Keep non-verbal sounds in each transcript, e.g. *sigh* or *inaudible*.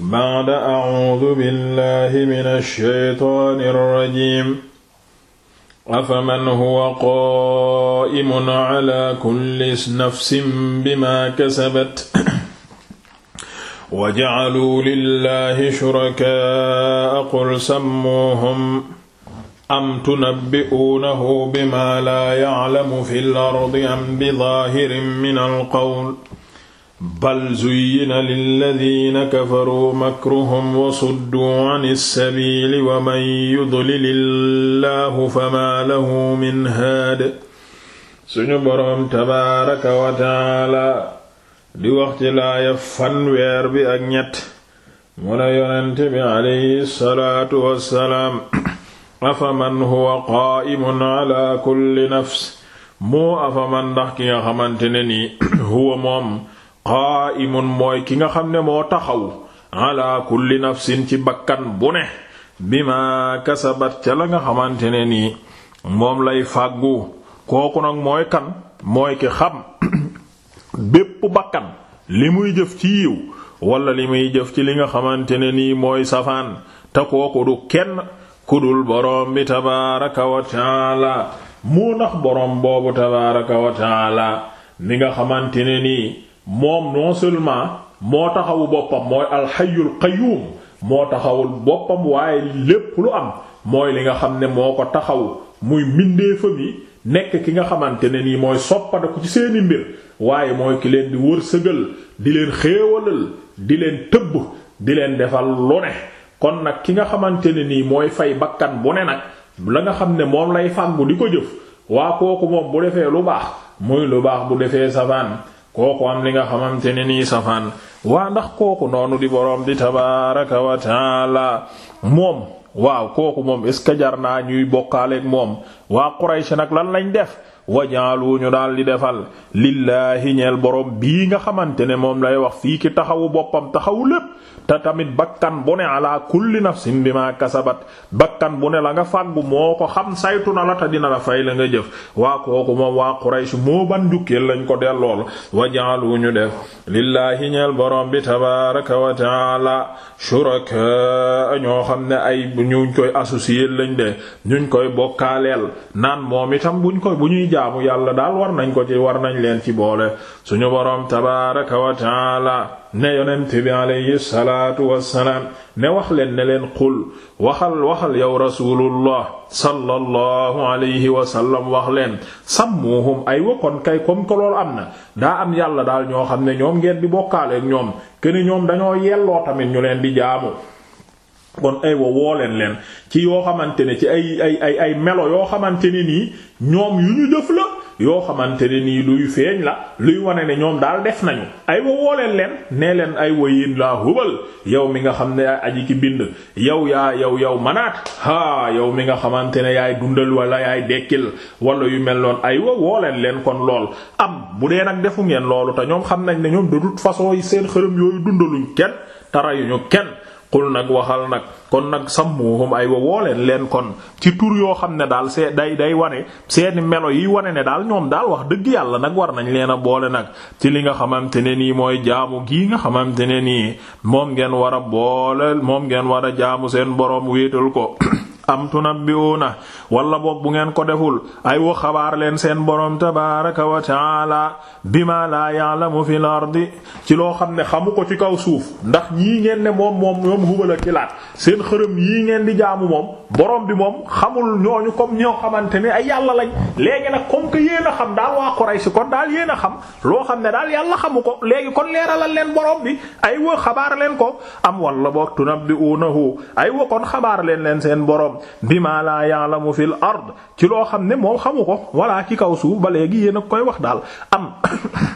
ba'da a'uudu billahi mina shaytaani rajiim afaman huwa qaa'imun ala kulli nafsin bimaa kasabat wa ja'aluu lillahi shurakaa'a qul sammuuhum am tunabbi'uunahu bimaa laa ya'lamu fil ardi am bidaahirin minal qawl bal zuyyina lilladina kafaruu makruhum wa sudduu an ilsabili wa man yudlil illaahu fama lahu min haad suñu boroom tabaaraka wa taala di wax ci laaya fanweer bi ak ñett mu ne yonent bi alayhi salaatu wassalaam afaman huwa qaa'imun ala kulli nafs moo afaman ndax ki nga xamante ne nii *coughs* huwa moom qaaimun mooy ki nga xam ne moo taxaw ala kulli nafsin ci bakkan bu ne bima kasabat ca la nga xamante ne nii moom lay fàggu kooku nag mooy kan mooy ki xam *clears throat* bépp bakkan li muy jëf ci yiw wala li muy jëf ci li nga xamante ne nii mooy safaan te kooku du kenn kudul boroom bi tabaaraka wa taala moo ndax boroom boobu tabaaraka wa mi nga xamante nii moom non moo taxawu boppam mooy alxayul qayyum moo taxawul boppam waaye lépp lu am mooy li nga xam ne moo ko taxaw muy mbindeefam yi nekk ki nga xamante ne nii mooy soppadaku ci seeni mbir waaye mooy ki leen di wërsëgal di leen xéewalal di leen tëbb di leen defal lu ne kon nag ki nga xamante ne nii mooy fay bakkan bu ne nag la nga xam ne moom lay fàggu di ko jëf waa kooku moom bu defee lu baax muy lu baax bu defee savaan kooku am li nga xamante ne nii safaan waa ndax kooku noonu di boroom di tabaaraka wa taala moom waaw kooku moom est-ce jar naa ñuy bokkaaleek moom waa Quraysh nag lan lañ def wajaalu ñu daal di defal lillaahi ñeel boroom bii nga xamante ne moom lay wax fii ki taxawu boppam taxawu lépp te tamit bakkan bu ne ala kulli nafsin bima kasabat bakkan bu ne la nga fàggu moo ko xam saytu na la te dina la fay la nga jëf waa kooku moom waa Quraysh moo ban jukkeel lañ ko del lool wa jaalu ñu def lillaahi ñeel borom bi tabaraka wa taala shuraka ñoo xam ne ay ñuñ koy associer lañ de ñuñ koy bokkaaleel naan moom itam buñ koy bu ñuy jaamu yàlla daal war nañ ko ci war nañ leen ci boole suñu borom tabaraka wa taala ne yonent bi alayhi salaatu wassalaam ne wax leen ne leen qul waxal waxal yow rasulullah sallallahu alayhi wa sallam wax leen sammuhum ay wokkoon kay comme loolu am na daa am yàlla daal ñoo xam ne ñoom ngeen di bokkaale ak ñoom këni ñoom dañoo yelloo tamit ñu leen di jaamu kon ay wa woo leen leen ci yoo xamante ne ci ay ay ay ay melo yoo xamante ni nii ñoom yu ñu def la yoo xamante ne nii luy feeñ la luy wane ne ñoom daal def nañu ay wa wooleen leen nee leen ay wa yéen laa hubal yow mi nga xam ne yaay aji bind yow yaa yow yow manaat haa yow mi nga xamante ne yaay dundal wala yaay dekkil wala yu mel noonu ay wa wooleen leen kon lool am bu dee nag defu ngeen loolu te ñoom xam nañ ne ñoom de toute façon seen xërëm yooyu dundaluñ kenn te reyuñu kenn xul nag waxal nag kon nag sam sammuhum ay wa wooleen leen kon ci tur yoo xam ne daal see day day wane seeni melo yi wane ne daal ñoom daal wax dëgg yàlla nag war nañ leen a boole nag ci li nga xamante ne nii mooy jaamu gii nga xamante ne nii moom ngeen war a boole moom ngeen war a jaamu seen boroom wéetal ko *clears throat* am tunabbi'una wala boog bu ngeen ko deful ay wa xabaar leen seen borom tabaaraka wa taala bima laa ya'lamu fil ardi ci loo xam ne xamu ko ci kaw suuf ndax ñii ngeen ne moom moom ñoom Hubal ak Kilaat seen xërëm yii ngeen di jaamu moom borom bi moom xamul ñooñu ko ñoo xamante ne ay yàlla lañ léegi nag comme que yéen a xam daal waa Quraysh kon daal yéen a xam loo xam ne daal yàlla xamu ko léegi kon leeralal leen borom bi ay wa xabaar leen ko am wala boog tunabbi'unahu ay boroom bima la ya'lamu fil ard ci loo xam ne moo xamu ko walla ci kaw suuf ba léegi yéen a koy wax daal am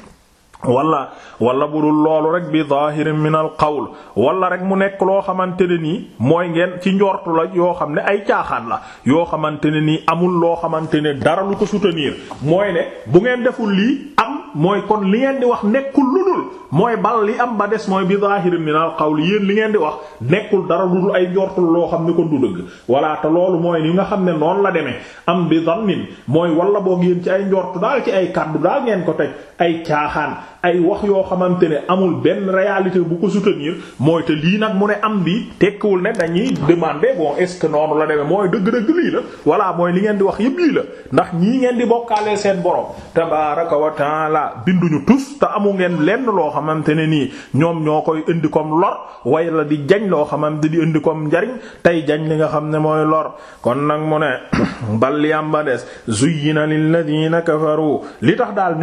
*coughs* wala wala bu dul loolu rek bi zahirin min al qawl wala rek mu nekk loo xamante ne nii mooy ngeen ci njortu la yoo xam ne ay caaxaan la yoo xamante ne nii amul loo xamante ne dara lu ko soutenir mooy ne bu ngeen deful lii am mooy kon li ngeen di wax nekkul lu dul mooy bal li am ba des mooy bi zahirin ni naa qawl yéen li ngeen di wax nekkul dara lu dul ay njortul loo xam ni ko du dëgg walla loolu mooy ni nga xam ne noonu la demee am bi zannin mooy wala boog yéen ci ay njort daal ci ay kàddu daal ngeen ko tey ay caaxaan ay wax yoo xamante ne amul benn réyalité bu ko soutenir mooy te lii nag mu ne am bi tekkiwul ne dañuy demandé boo est-ce que noonu la demee mooy dëgg-dëgg lii la voilà mooy li ngeen di wax yëpp lii la ndax ñii ngeen di bokkaalee seen borom tabaaraka wa taala binduñu tus te amu ngeen lenn loo xamante ne nii ñoom ñoo koy indi comme lor way la di jañ loo xamante di indi koom njariñ tey jañ li nga xam ne mooy lor kon nag mu ne *coughs* bal yamba des zuyyina lil ladina li tax daal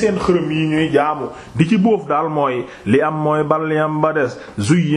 seen xërëm yi ñuy jaamu di ci bóof daal mooy li am mooy bal yam ba des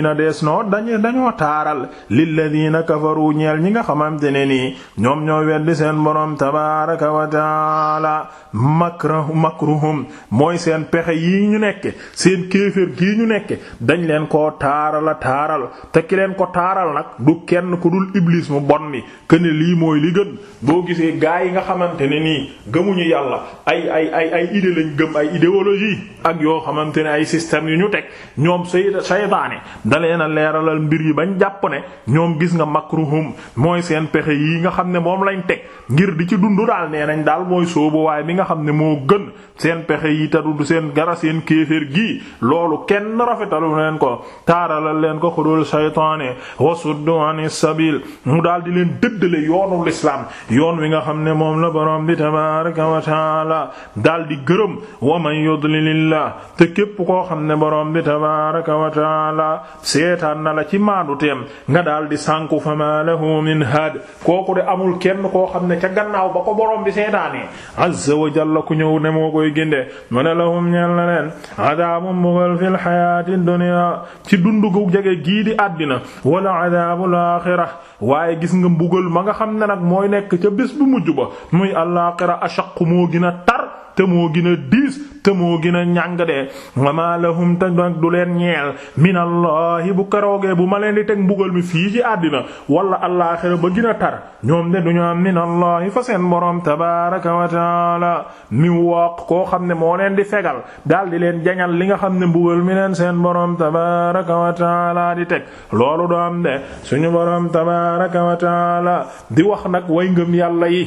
na des noo dañ dañoo taaral li lilladina kafaru ñeel ñi nga xamante ne nii ñoom ñoo weddi seen boroom tabaraka wa taala makrahu makruhum mooy seen pexe yi ñu nekk seen kéefër gii ñu nekk dañ leen ko taarala taaral te ki leen ko taaral nag du kenn ku dul iblis mu bon mi këne lii mooy li gën boo gisee gaa yi nga xamante ne nii gëmuñu yàlla ay ay ay ay idée gëm ay idéologie ak yoo xamante ne ay système yu ñu teg ñoom say saytaane dalee na leeralal mbir yi bañ jàpp ne ñoom gis nga makruhum mooy seen pexe yi nga xam ne moom lañ teg ngir di ci dund daal nee nañ daal mooy soobuwaay bi nga xam ne moo gën seen pexe yi te du seen gara seen kéeféer gii loolu kenn rafetalu leen ko taaralal leen ko xudul saytaane wasuddu an sabil mu daal di leen dëddale yoonu lislaam yoon wi nga xam ne moom la borom bi tabaraka wa taala daal di gërëm wa man yudlilillah te képp koo xam ne borom bi tabaaraka wa taala seetaan na la ci maandu teem nga daal di sànku fa ma lahu min haad kooku de amul kenn koo xam ne ca gannaaw ba ko borom bi seetaanee azza wa jalla ku ñëw ne moo koy ginde mu ne lahum ñeel na leen adaabum mbugal fil hayaati dunya ci dundu gu jege gii di àddina wala adaabul aaxira waaye gis nga mbugal ma nga xam ne nag mooy nekk ca bés bu mujj ba muy al-aaxira ashaq moo gën tar te moo gën a diis te moo gën a ñàng de wama lahum te nag du leen ñeel minallahi bu karoogee bu ma leen di teg mbugal mi fii ci àddina wala allaaxira ba gën a tar ñoom de du ñu am minallahi fa seen boroom tabaaraka wa taala mi waq koo xam ne moo leen di fegal daal di leen jañal li nga xam ne mbugal mi leen seen boroom tabaaraka wa taala di teg loolu do am de suñu boroom tabaaraka wa taala di wax nag way ngëm yàlla yi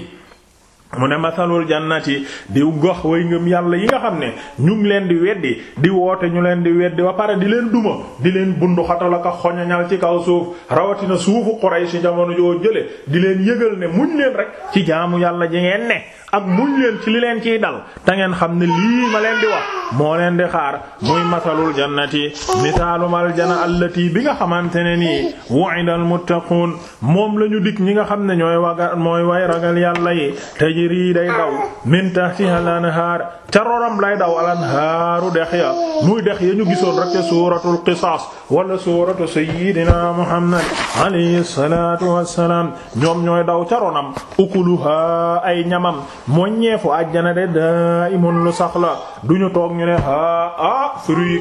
mu ne masalul jannati di gox way ngëm yàlla yi nga xam ne ñu ngi leen di weddi di woote ñu leen di weddi ba pare di leen duma di leen bundu xatalaka xoñoñal ci kaw suuf rawatina suufu si jamono joo jële di leen yëgal ne muñ leen rek ci jaamu yàlla ji ngeen ne ak muñ leen ci li leen ciy dal te xam ne lii ma leen di wax moo leen di xaar muy masalul jannati misaalum aljana allati bi nga xamante ne nii wa'ida almuttaquun moom la ñu dig ñi nga xam ne ñooy waga mooy way ragal yàlla yi tajri day daw min tahtiha al anhaar ca roram lay daw al anhaaru dex ya muy dex ya ñu gisoon rek suuratul qisaas wala suuratu sayyidina muhammad alayhi salaatu wassalaam ñoom ñooy daw ca ronam ukuluha ay ñamam moññeefu àjjana de daa imun lu sax la du ñu toog ñu ne ah ah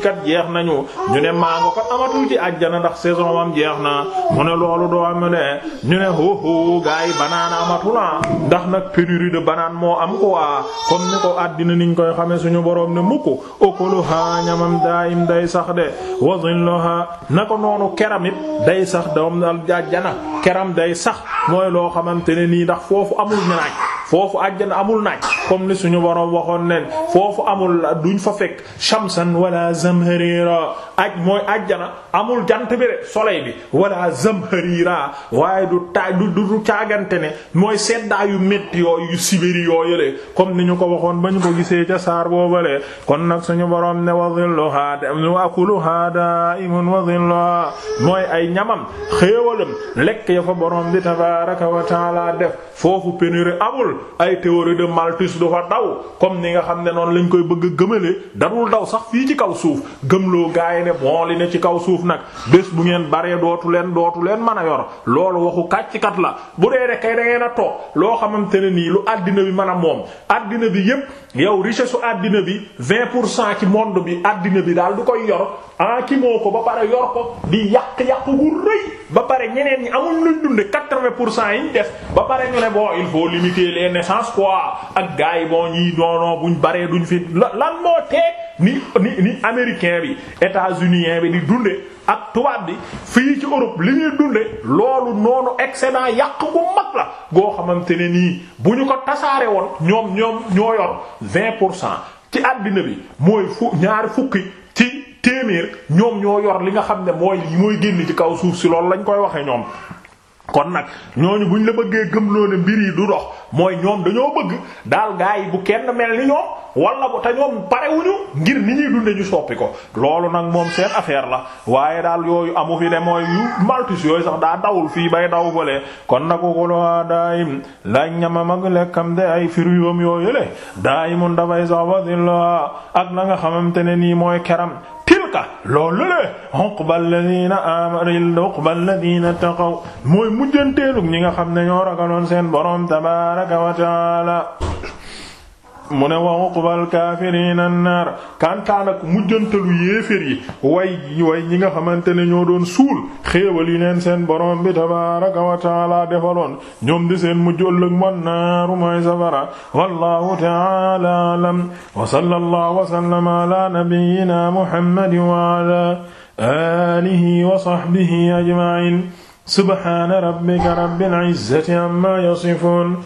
kat jeex nañu ñu ne mango kat amatul ci àjjana ndax saison wam jeex na mu ne loolu doo am ne ñu ne hoo hoo gars yi banane ndax nag pénurie de moo am ko waa comme ni ko àddina niñ koy xamee suñu borom ne mukk okuluha ñamam daa im day sax de wa zilluha na ko noonu keram day sax doom al àjjana keram day sax mooy loo xamante ne nii ndax foofu amul ñanaaj foofu àjjana amul naaj comme li suñu boroom waxoon ne foofu amul la duñ fa fekk shamsan wala zamharira aj mooy ajjana amul jant bi de soleil bi wala zamharira waaye du taa du du caagante ne mooy seddaa yu métti yooyu yu sibiri yooyule comme ni ñu ko waxoon ba ñu ko gisee ca saar boobale kon nag suñu boroom ne wa dhilluha akuluha da'imun wa mooy ay ñamam xéewalam lekk ya fa boroom bi tabaraka wa taala def foofu pénurie amul ay théorie de Malthus iblis du daw comme ni nga xam ne noonu lañ koy bëgg a gëmale darul daw sax fii ci kaw suuf gëmloo gaay ne bon li ci kaw suuf nag bés bu ngeen baree dootu leen dootu leen mën a yor loolu waxu kàccikat la bu dee rek kay da ngeen a toog loo xamante ne nii lu àddina bi mën a moom àddina bi yépp yow richesse su àddina bi vingt pour cent ci monde bi àddina bi daal du koy yor aakimoo ko ba pare yor ko di yàq-yàq gu rëy ba pare ñeneen ñi amul luñ dunde quatre-vingts pour cent yi ñu def ba pare ñu ne bon il faut limiter les naissances quoi ak gars yi bon ñii doonoo buñ baree duñ fi lan moo tee ni ni ni américain bi états-unien bi di dunde ak tubaab bi fii ci Europe li ñuy dunde loolu noonu excellent yàq gu mag la goo xamante ne nii bu ñu ko tasaare woon ñoom ñoom ñoo yor vingt pour cent ci àddina bi mooy fu ñaari fukki téeméer ñoom ñoo yor li nga xam ne mooy mooy génn ci kaw suuf si loolu lañ koy waxe ñoom kon nag ñooñu buñ la bëggee gëmloo ne mbir yi du dox mooy ñoom dañoo bëgg daal gaa yi bu kenn mel ni ñoom wala bu te ñoom parewuñu ngir ni ñuy dunde ñu soppi ko loolu nag moom seen affaire la waaye daal yooyu amu fi ne mooy yu maltus yooyu sax daa dawul fii bay daw balee kon nag ukuluhaa daa'im laaj ñamam ak lekkam de ay firuyom yooyu le daayimun dafay sax wa zilluhaa ak la nga xamante ne nii mooy keram uqbata loolu le uqba alladina amaril uqba alladina taqaw mooy mujjanteelu ñi nga xam ne ñoo ragaloon seen borom tabaraka wa taala mu ne wa uqbal kaafiriina naar kantaan ak mujjantalu yéefér yi way way ñi nga xamante ne ñoo doon suul xéewal yi neen seen borom bi tabaaraka wa taala defaloon ñoom di seen mujj ëllëg man naaru mooy safara wallahu taala alam wa sallallahu wa sallama ala nabiyyina muhammadin wa ala alihi wa sahbihi ajma'in subhana rabbika rabbil izzati amma yasifun